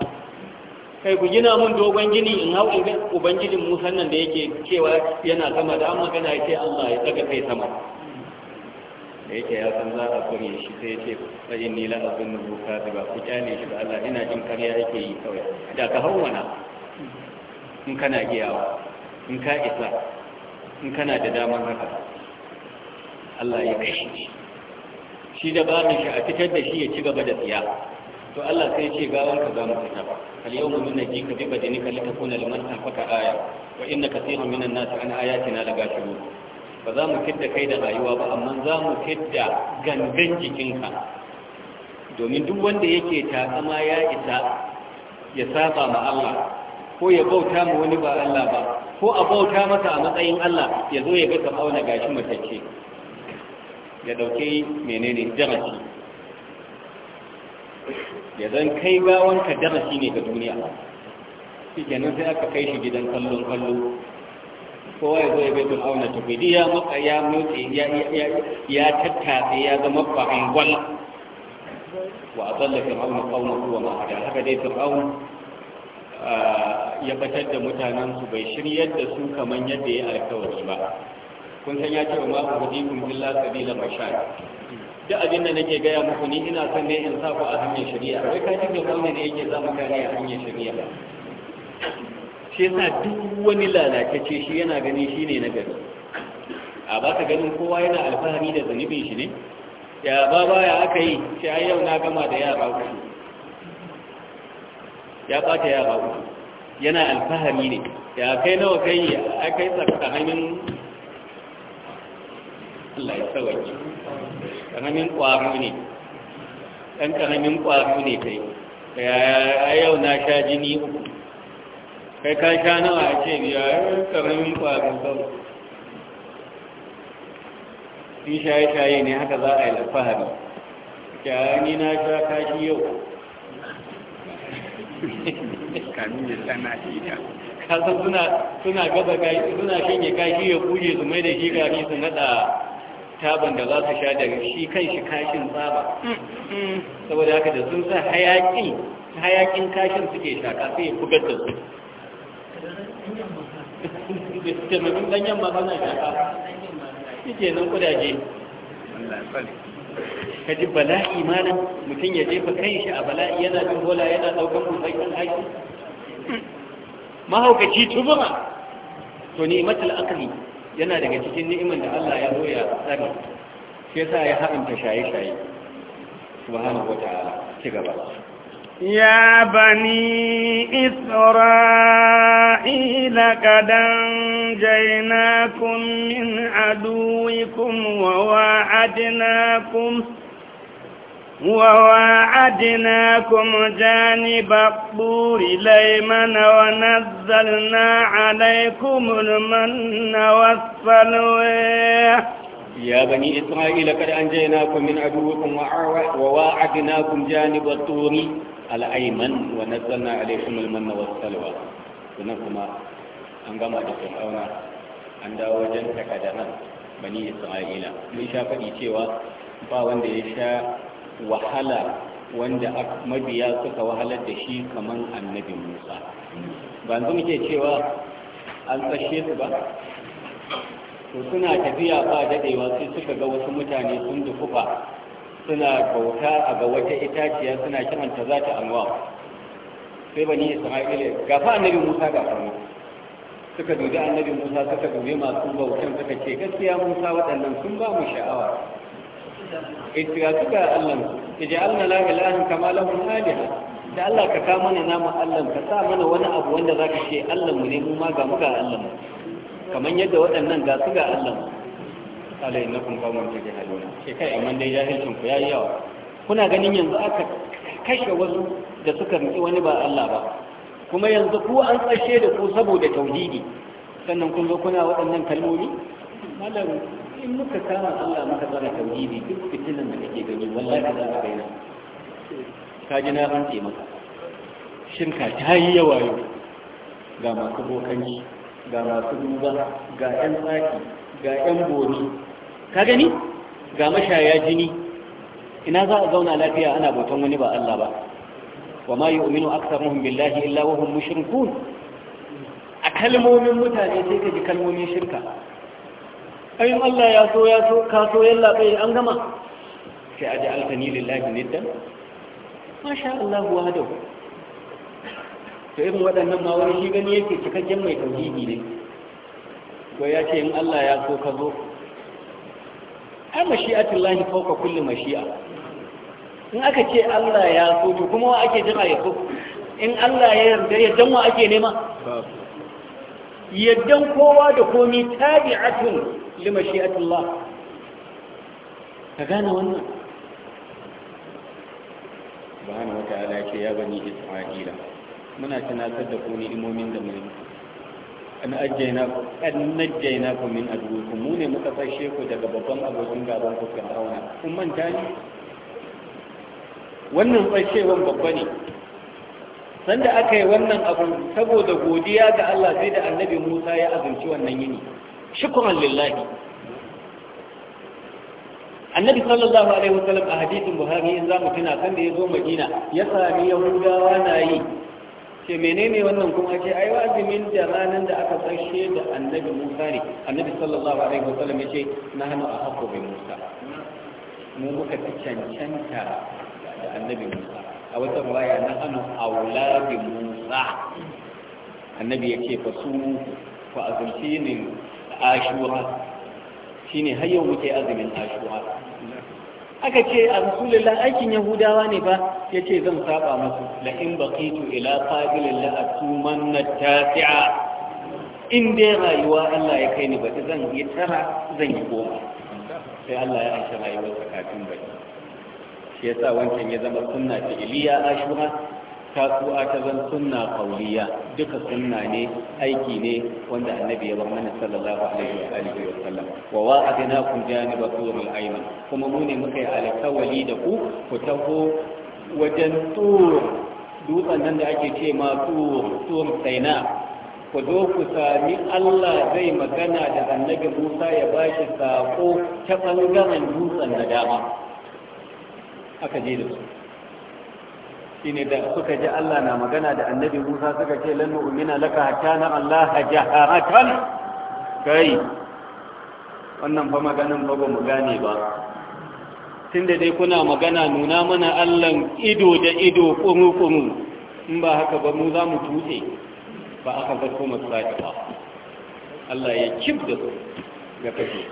A: kai ku gina mun dogon gini in hau ubangijin Musa nan da yake cewa yana sama da an magana ya ce Allah ya tsaga kai sama da yake ya san za a kure shi sai ce fa inni la azunnu kadhiba ku kyale shi ba Allah ina jin karya yake yi kawai da ka hawwana in kana giyawa in ka isa in kana da damar haka Allah ya kai. shi shi da barin shi a fitar da shi ya ci gaba da tsiya to Allah sai ce ga wanka za mu fita al yawma nunji ka bi badinika litakuna liman anfaka aya wa inna katiran minan nas an ayatina la gashirun ba za mu fidda kai da rayuwa ba amma za mu fidda gangan jikinka domin duk wanda yake tatsama ya isa ya saba ma Allah ko ya bauta ma wani ba Allah ba ko a bauta masa a matsayin Allah ya zo ya ga ka auna gashi matacce ya dauke menene darasi ya zan kai gawanka darasi ne ga duniya shi kenan sai aka kai shi gidan kallon kallo kowa ya zo ya bai tun auna tafidi ya maka ya motsi ya tattafi ya zama fa'in gwal wa a tsalla auna kauna kuwa ma hada haka dai auna ya batar da mutanensu bai shiryar da su kamar yadda ya alkawari ba kun san ya ce wa maku hudikun illa sabila mashar duk abin da nake gaya muku ni ina son ne in sa ku a hanyar shari'a wai ka da kuma ne yake za mu gane a hanyar shari'a shi yana duk wani lalatacce shi yana gani shi ne nagari a ba ka ganin kowa yana alfahari da zanibin shi ne ya ba baya aka yi shi a yau na gama da yara uku ya bata yara uku yana alfahari ne ya kai nawa kai yi a kai tsakta hannun Allah ya tsawaki ƙaramin ƙwaro ne ɗan ƙaramin ƙwaro ne kai a yau na sha jini uku kai ka sha nawa a ce biya yawon karamin kwarin kawai shi shaye-shaye ne haka za a yi alfahari ni na sha kashi yau kasa suna gaba kashi suna shanye kashi ya kuje su mai da shi gari su nada taban da za su sha daga shi kan shi kashin tsaba saboda haka da sun sa hayakin kashin suke shaka sai ya bugar da
C: su taimakon ɗanyen ma sana shaƙa shi ke nan kudaje ka ji bala'i malam mutum ya jefa kai shi a bala'i yana jin bola yana ɗaukan kusan kan haƙi
A: mahaukaci tubura to ne matal akali yana daga cikin ni'iman da Allah ya zo ya tsari shi yasa ya haramta shaye-shaye subhanahu wa ta'ala ci gaba
B: Ya bani Isra’ila ka don jaina kun min aduwikun wa wa adina kun jani babburi laimana wa nazzalna alaikun mulmanna wasfalwe
A: Ya bani Isra’ila ka don kun min aduwikun wa wa adina kun jani babburi al'aiman wa nazzalna alaikum wasu wassalwa sannan kuma an gama da fir'auna an dawo wajen takadaran bani isra'ila mun sha faɗi cewa ba wanda ya sha wahala wanda mabiya suka wahalar da shi kamar annabi musa ba zan muke cewa an tsashe su ba to suna tafiya ba daɗewa sai suka ga wasu mutane sun dukufa suna bauta a ga wata itaciya suna kiranta za ta anwa sai bani isma'ila gafa annabi musa ga farma suka dubi annabi musa suka dubi masu bautan suka ce gaskiya musa waɗannan sun ba mu sha'awa
C: itiya suka allan ije allah la ilaha kama lahum aliha
A: da allah ka ka mana namu allan ka sa mana wani abu wanda zaka ce allan mu ne mu ma ga muka allan kamar yadda waɗannan ga su ga allan mu kala innakum qaumun tajhaluna ke kai amma dai jahilcin ku yayi yawa kuna ganin yanzu aka kashe wasu da suka miki wani ba Allah ba kuma yanzu ku an tsashe da ku saboda tauhidi sannan kun zo kuna waɗannan kalmomi malamu in muka kama Allah muka tsara tauhidi duk fitilan da kake gani wallahi za ka gaina ka ji na rantse maka shirka ta yi yawa yau ga masu bokanci ga masu duba ga 'yan tsaki ga 'yan bori ka gani ga mashaya jini ina za a zauna lafiya ana bautan wani ba Allah ba wa ma yu'minu aktharuhum billahi illa wa hum mushrikun a kalmomin mutane sai ka ji kalmomin shirka ayin Allah ya so ya so ka so yalla bai an gama sai aji alkani lillahi niddan masha Allah wahdahu to irin waɗannan ma wani shi gani yake cikakken mai tauhidi ne ko ya ce in Allah ya so ka zo
B: ai mashi'atullahi
A: fauka kulli mashi'a in aka ce Allah ya so to kuma wa ake jira ya so in Allah ya yarda yaddan wa ake nema Yadda kowa da komi tabi'atun li mashi'atullah ka gane wannan subhanahu wata ta'ala ya ce ya bani isra'ila muna tunatar da ku imomin da mun an ajjaina an najjaina ku min aduwikum mu ne muka fashe ku daga babban abokin gaban ku fir'auna kun manta ni? wannan fashewan babba ne sanda aka yi wannan abu saboda godiya ga Allah sai da annabi Musa ya azumci wannan yini shukran lillahi annabi sallallahu alaihi wasallam a hadisin buhari in za mu tuna kan da ya zo madina ya sami yahudawa na yi ce menene wannan kuma ce ai wajimin da ranar da aka sarshe da annabi musa ne annabi sallallahu alaihi wasallam ya ce na hannu a hako bai musa mu muka fi cancanta da annabi musa a wata baya na hannu a wula bi musa annabi ya ce fa su fa azulci ne ashura shine har yau muke azumin ashura aka ce a rasulullah aikin yahudawa ne ba ya ce zan saba masu la'in baqitu ila qabilin la'atuman na tasi'a in dai rayuwa Allah ya kai ni ba zan yi tara zan yi goma sai Allah ya aisha rayuwar kafin bai shi yasa wancan ya zama sunna ta iliya ashura kasuwa ta zan sunna kauliya duka sunna ne aiki ne wanda annabi ya bar mana sallallahu alaihi wa alihi wa sallam wa wa'adna kum janiba turul ayman kuma mu ne muka yi alkawali da ku ku taho wajen tur dutsen nan da ake ce ma tur tur saina ku zo ku sami Allah zai magana da annabi Musa ya bashi sako ta bangaren dutsen na dama aka je da su shine da suka ji Allah na magana da annabi Musa suka ce lan nu'mina laka hatta na Allah hajaharakan kai wannan fa maganan ba mu gane ba tunda dai kuna magana nuna mana Allah ido da ido kunu kunu in ba haka ba mu za mu tuce ba aka ga kuma sai ba Allah ya da su ga kace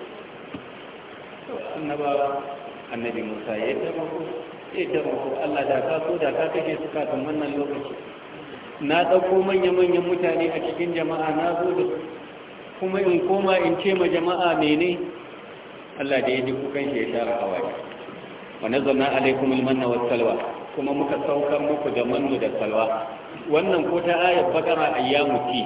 C: annabawa
A: annabi Musa ya yi ce ta roƙo Allah da ka so da ka kake su kafin wannan lokaci na ɗauko manya-manyan mutane a cikin jama'a na zo da kuma in koma in ce ma jama'a mene Allah da ya ji kukan shi ya share waje Wani zama alaikum ilmanna was salwa kuma muka saukar muku da mannu da salwa wannan ko ta ayat bakara ya muti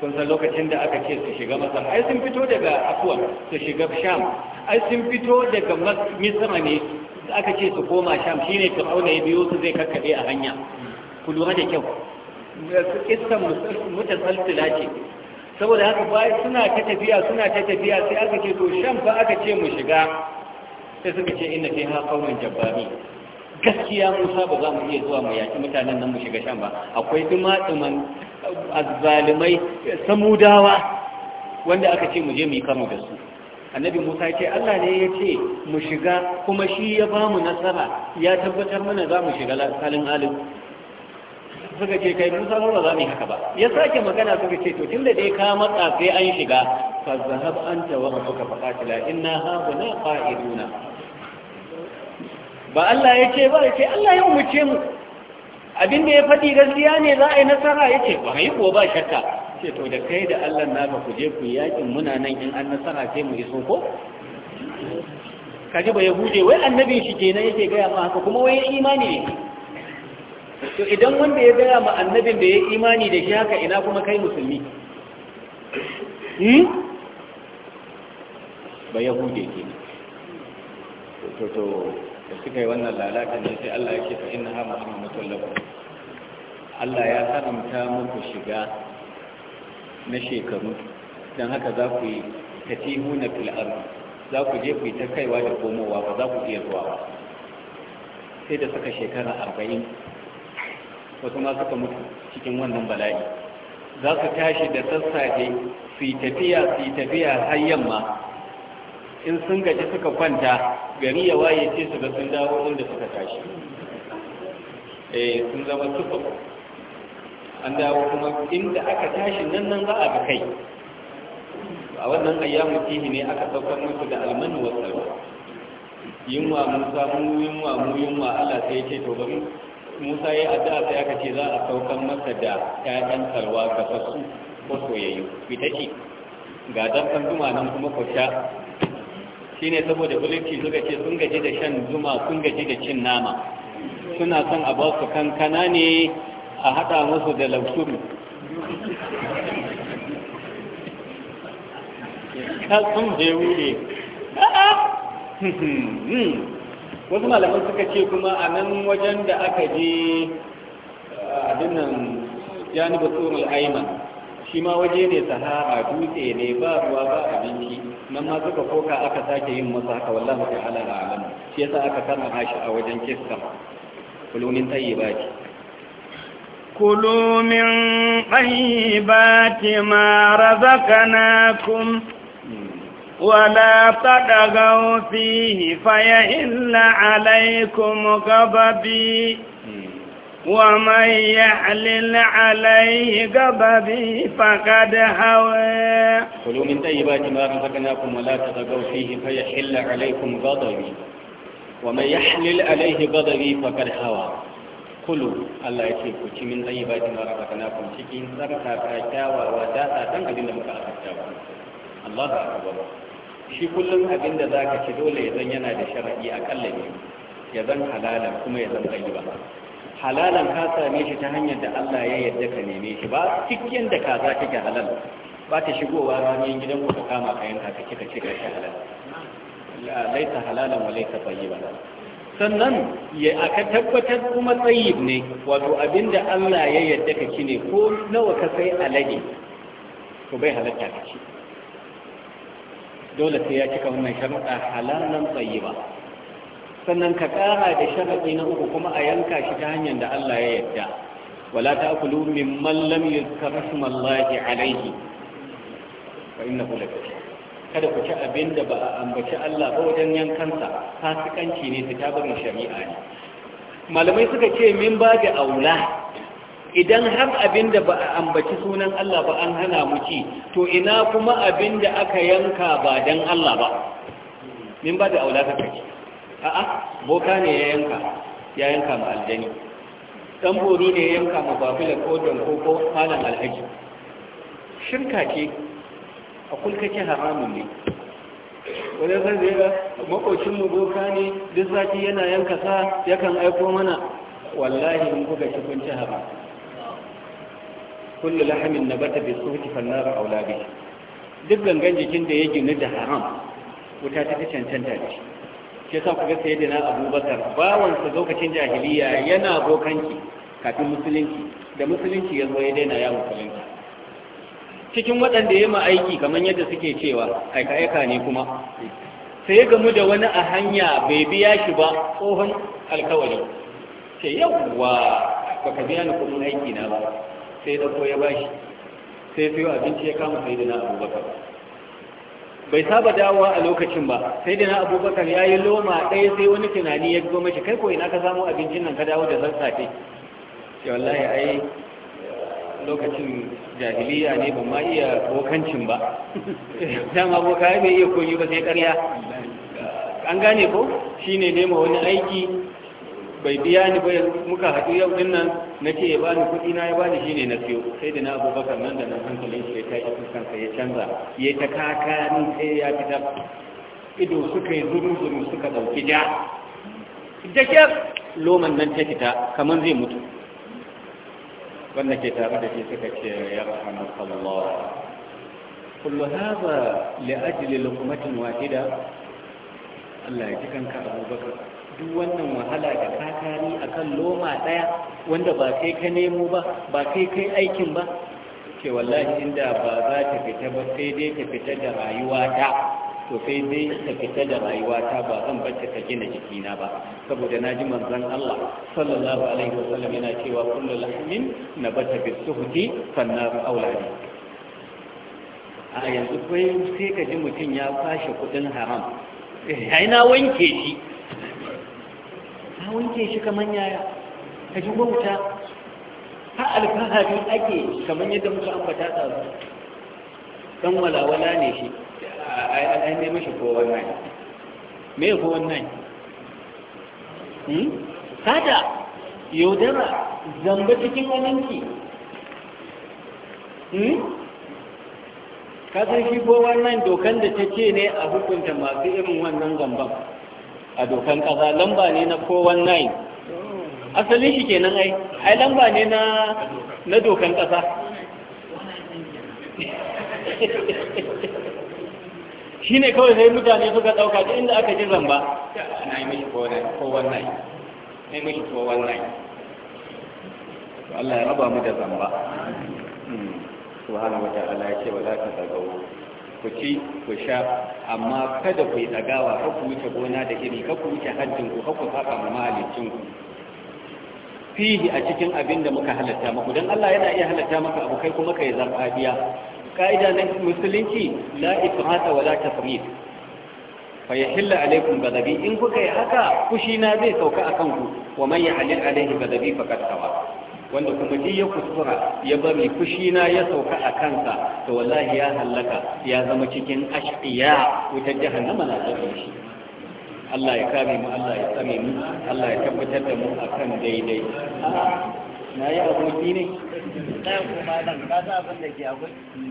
A: kun san lokacin da aka ce su shiga masar ai sun fito daga afuwa su shiga sham ai sun fito daga misra ne da aka ce su koma sham shine fir'auna ya biyo su zai kakkaɓe a hanya ku lura da kyau iskan mutasalsila ce saboda haka bayan suna ta tafiya suna ta tafiya sai aka ce to sham ba aka ce mu shiga sai suka ce inna fiha qauman jabbari gaskiya Musa ba za mu iya zuwa mu yaki mutanen nan mu shiga sham ba akwai dumatsuman azzalimai samudawa wanda aka ce mu je mu yi karo da su annabi musa ce allah ne ya ce mu shiga kuma shi ya ba mu nasara ya tabbatar mana za mu shiga halin halin suka ce kai musa ba za mu yi haka ba ya sake magana suka ce to tunda dai ka matsa sai an shiga fa zahab anta wa rabbuka fa qatila inna na qa'iduna ba Allah ya ce ba ya ce Allah ya ce mu abin da ya faɗi gaskiya ne za a yi nasara ya ce ba yi ko ba shakka ce to da kai da Allah na ba ku je ku yakin muna nan in an nasara sai mu iso ko kaje ba yahuje wai annabi shi kenan yake gaya ma haka kuma wai imani ne to idan wanda ya gaya ma annabin da ya imani da shi haka ina kuma kai musulmi hmm? ba yahuje ke to to da suka yi wannan lalata ne sai Allah ya ce fa inna ha muhammadun lakum Allah ya haramta muku shiga na shekaru don haka za ku yi katihu na filar, za ku je ku yi ta kaiwa da komowa ba za ku iya zuwa ba sai da suka shekara arba'in wasu ma suka mutu cikin wannan bala'i za su tashi da sassafe su yi tafiya su yi tafiya har yamma in sun gaji suka kwanta gari ya waye ce su ga sun dawo inda suka tashi eh sun zama tufa an dawo kuma inda aka tashi nan nan za a ga kai a wannan ayyamu fihi ne aka saukar musu da almanu wa tsaro yunwa musa mu yunwa mu yunwa Allah sai ya ce to bari musa ya addu'a sai aka ce za a saukar masa da ƴaƴan salwa ga sassu ko soyayyu ce ga dabban zuma nan kuma ko sha shine saboda bulki suka ce sun gaji da shan zuma sun gaji da cin nama
C: suna son a ba su kankana ne
A: a haɗa musu da lausuru kasan wasu malaman suka ce kuma a nan wajen da aka je eh, abin nan janibu tsoron aiman shi ma waje ne sahara dutse ne ba ruwa ba abinci nan ma suka koka aka sake yin masa haka wallahu ta'ala a shi yasa aka kama shi a wajen
B: kista kulunin tsayi ba ce كلوا من طيبات ما رزقناكم ولا تدغوا فيه فيحل عليكم غضبي ومن يحلل عليه غضبي فقد هوى
A: كلوا من طيبات ما رزقناكم ولا تدغوا فيه فيحل عليكم غضبي ومن يحلل عليه غضبي فقد هوى kulu Allah ya ce ku ci min tayyibati ma razaqnakum cikin kyawa wa da dan abin da muka azurta Allah Allahu akbar shi kullum abin da zaka ci dole ya zan yana da sharadi akalla ne ya zan halalan kuma ya zan tayyiba halalan ka same shi ta hanyar da Allah ya yarda ka neme shi ba cikin da kaza kake halal ba ta shigowa ranar gidan ku ka kama kayan ka kika kika shi halal la laita halalan wa laita tayyiban sannan ya aka tabbatar kuma tsayib ne wato abinda Allah ya yadda ka ci ne ko nawa ka sai alade to bai halatta ka ci dole sai ya cika wannan sharuɗa halalan tsayiba sannan ka ƙara da sharaɗi na uku kuma a yanka shi ta hanyar da Allah ya yadda wala ta'kulu mimman lam yuzkar ismullahi alayhi fa innahu lakafi kada ku ci abin da ba a ambaci Allah ba wajen yankansa fasikanci ne ta barin shari'a ne malamai suka ce min ba da aula idan har abin da ba a ambaci sunan Allah ba an hana mu ci to ina kuma abin da aka yanka ba dan Allah ba min ba da aula ka kace
C: a'a boka ne ya
A: yanka ya yanka ma aljani dan bori ne ya yanka ma babila ko don ko ko malam alhaji shirka ce a kulkace haramun ne wani zai zai ga makocinmu boka ne duk zafi yana yanka sa yakan aiko mana wallahi in kuka ci kun ci haram kullu lahamin nabata bi suhti fannaru aulabi duk gangan jikin da ya ginu da haram wuta ta cancanta da shi shi sa kuka sai da na abubakar bawansa lokacin jahiliya yana bokanki kafin musulunci da musulunci ya zo ya daina ya musulunci cikin waɗanda ya aiki kamar yadda suke cewa aika-aika ne kuma sai ya gamu da wani a hanya bai biya shi ba tsohon alkawari ce yawwa ba ka biya ni kudin aiki na ba sai ɗauko ya bashi sai fiye abinci ya kama sai dina abubakar bai saba dawowa a lokacin ba sai dina abubakar ya yi loma ɗaya sai wani tunani ya zo mashi kai ko ina ka samu abincin nan ka dawo da sassafe ce wallahi ai lokacin jahiliya ne ba ma iya bokancin ba Dan boka ya mai iya koyi ba sai karya an gane ko shi ne nema wani aiki bai biya ni ba muka haɗu yau din nan na ce ya ba ni kuɗi na ya ba ni shi ne na siyo sai da na abubakar nan da nan hankalin shi ya yi fuskansa ya canza ya ta kaka ni sai ya fita ido suka yi zuru-zuru suka ɗauki ja ita ke loman nan ta fita kamar zai mutu wanda ke tare da shi suka ce ya rahmatullah kullu hada li ajli luqmatin wahida Allah ya kikan ka abu Abubakar duk wannan wahala da kakari akan loma daya wanda ba kai ka nemo ba ba kai kai aikin ba Ke wallahi inda ba za ta fita ba sai dai ta fita da rayuwa ta to sai dai ka fita da rayuwata ba zan bacci ka gina jikina ba saboda na ji manzon Allah sallallahu alaihi wasallam yana cewa kullu lahmin nabata bi suhti fannar aulani a yanzu kai sai ka ji mutum ya kwashe kudin haram ai na wanke shi na wanke shi kaman yaya ka ji wuta. ha alfahari ake kaman yadda muka ambata ta dan walawala ne shi ai mai mashi ko nai me Kowa wannan hmm kada yaudara zamba cikin aminci hmm shi ko nai dokan da ta ce ne a hukunta masu irin wannan zamba a dokan kaza lamba ne na ko nai asalin shi kenan ai ai lamba ne na na dokan kasa shi ne kawai sai mutane suka ɗauka ta inda aka ji zamba na yi mishi ko wannan na
C: yi mishi ko wannan
A: Allah ya raba mu da zamba hmm. subhanahu wa ta'ala ya ce wa za ka tsagawo ku ci ku sha amma kada ku yi tsagawa ka ku wuce gona da iri ka ku wuce haddin ku ka ku saka ma mahalicin ku fihi a cikin abin da muka halatta maku don Allah yana iya halatta maka abu kai kuma ka yi zarfafiya ka'ida na musulunci la ifrata wala tafrit fa yahilla alaikum ghadabi in kuka yi haka Kushi na zai sauka akan ku wa man yahlil alaihi ghadabi faqad tawa wanda kuma duk ya kuskura ya bari kushi na ya sauka a kansa to wallahi ya hallaka ya zama cikin ashqiya wutar jahannama na tsare shi Allah ya kare mu Allah ya tsare mu Allah ya tabbatar da mu akan daidai na yi aboki ne
C: ɗaya kuma nan ka abin da ke akwai